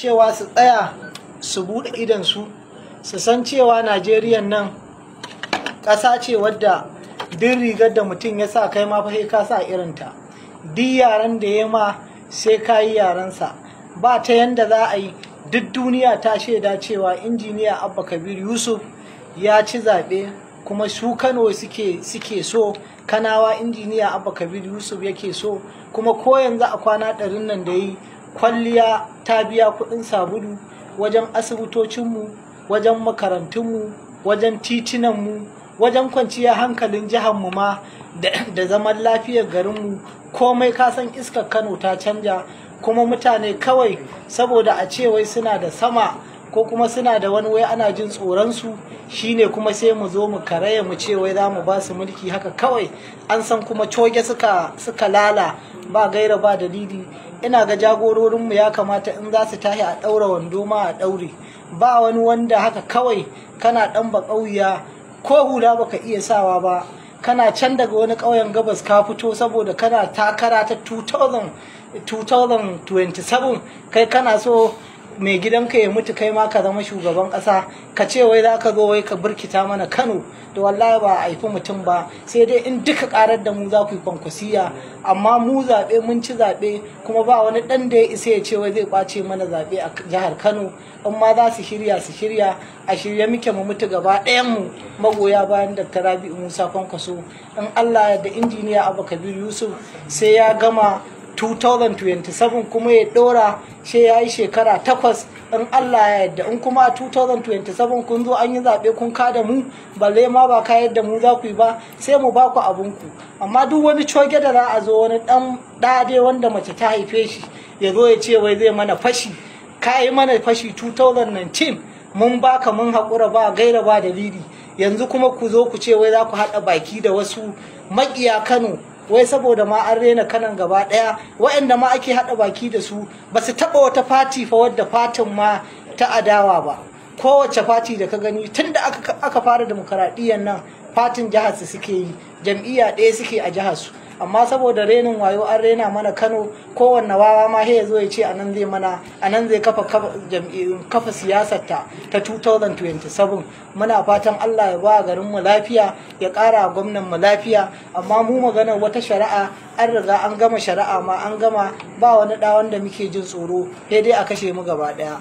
cewa su tsaya su buɗe idansu su san cewa najeriya nan ƙasa ce wadda duk rigar da mutum ya sa kai ma fa sai ka sa irinta duk yaran da ya ma sai ka yi yarensa ba ta yanda za a yi duk duniya ta shaida cewa injiniya abba kabir yusuf ya ci zaɓe kuma su kano suke so kanawa injiniya abba kabir yusuf yake so kuma ko yanzu a kwana ɗarin nan da yi kwalliya ta biya kuɗin sabulu wajen asibitocinmu wajen makarantunmu wajen titinanmu wajen kwanciya hankalin jihanmu ma da zaman lafiyar garinmu komai kasan iskar kano ta canja kuma mutane kawai saboda a ce wai suna da sama ko kuma suna da wani wai ana jin tsoronsu shine kuma sai mu zo mu karaya mu ce wai za mu ba su mulki haka kawai an san kuma coge suka suka lala ba gaira ba dalili ina ga jagororinmu ya kamata in za su tahi a ɗaura wando ma a ɗaure ba wani wanda haka kawai kana ɗan ba ƙauya ko hula baka iya sawa ba kana can daga wani ƙauyen gabas ka fito saboda kana takara ta 2027 kai kana so mai gidanka ya mutu kai ma ka zama shugaban kasa ka ce wai za ka zo wai ka birkita mana kano da wallahi ba a haifi mutum ba sai dai in duka karar da mu za ku yi kwankwasiya amma mu zaɓe mun ci zaɓe kuma ba wani ɗan da ya isa ya ce wai zai ɓace mana zaɓe a jihar kano in ma za su shirya su shirya a shirya muke mu mutu gaba ɗayan mu magoya bayan dr rabi'u musa kwankwaso in allah da injiniya abu kabir yusuf sai ya gama 2027 kuma ya dora shi ya yi shekara takwas in Allah ya yadda in kuma a 2027 kun zo an yi zaɓe kun da mu balle ma ba ka yadda mu za ku yi ba sai mu ba ku abinku amma duk wani coge da za a zo wani ɗan ɗade wanda mace ta haife shi ya zo ya ce wai zai mana fashi ka yi mana fashi 2019 mun baka mun haƙura ba gaira ba dalili yanzu kuma ku zo ku ce wai za ku haɗa baki da wasu maƙiya Kano wai saboda ma an rena kanan gaba daya waɗanda ma ake haɗa baki da su ba su taɓa wata fati fa wadda fatin ma ta adawa ba kowace fati da ka gani tun da aka fara demokaradiyyar nan fatin jihar su suke yi jam'iyya ɗaya suke a jihar su amma saboda renin wayo an rena mana kano kowanne wawa ma ya zo ya ce anan zai mana anan zai kafa kafa siyasar ta ta 2027 muna fatan Allah ya ba garin mu lafiya ya kara gwamnan mu lafiya amma mu maganar wata shari'a an riga an gama shari'a ma an gama ba wani da wanda muke jin tsoro sai dai a kashe mu gaba daya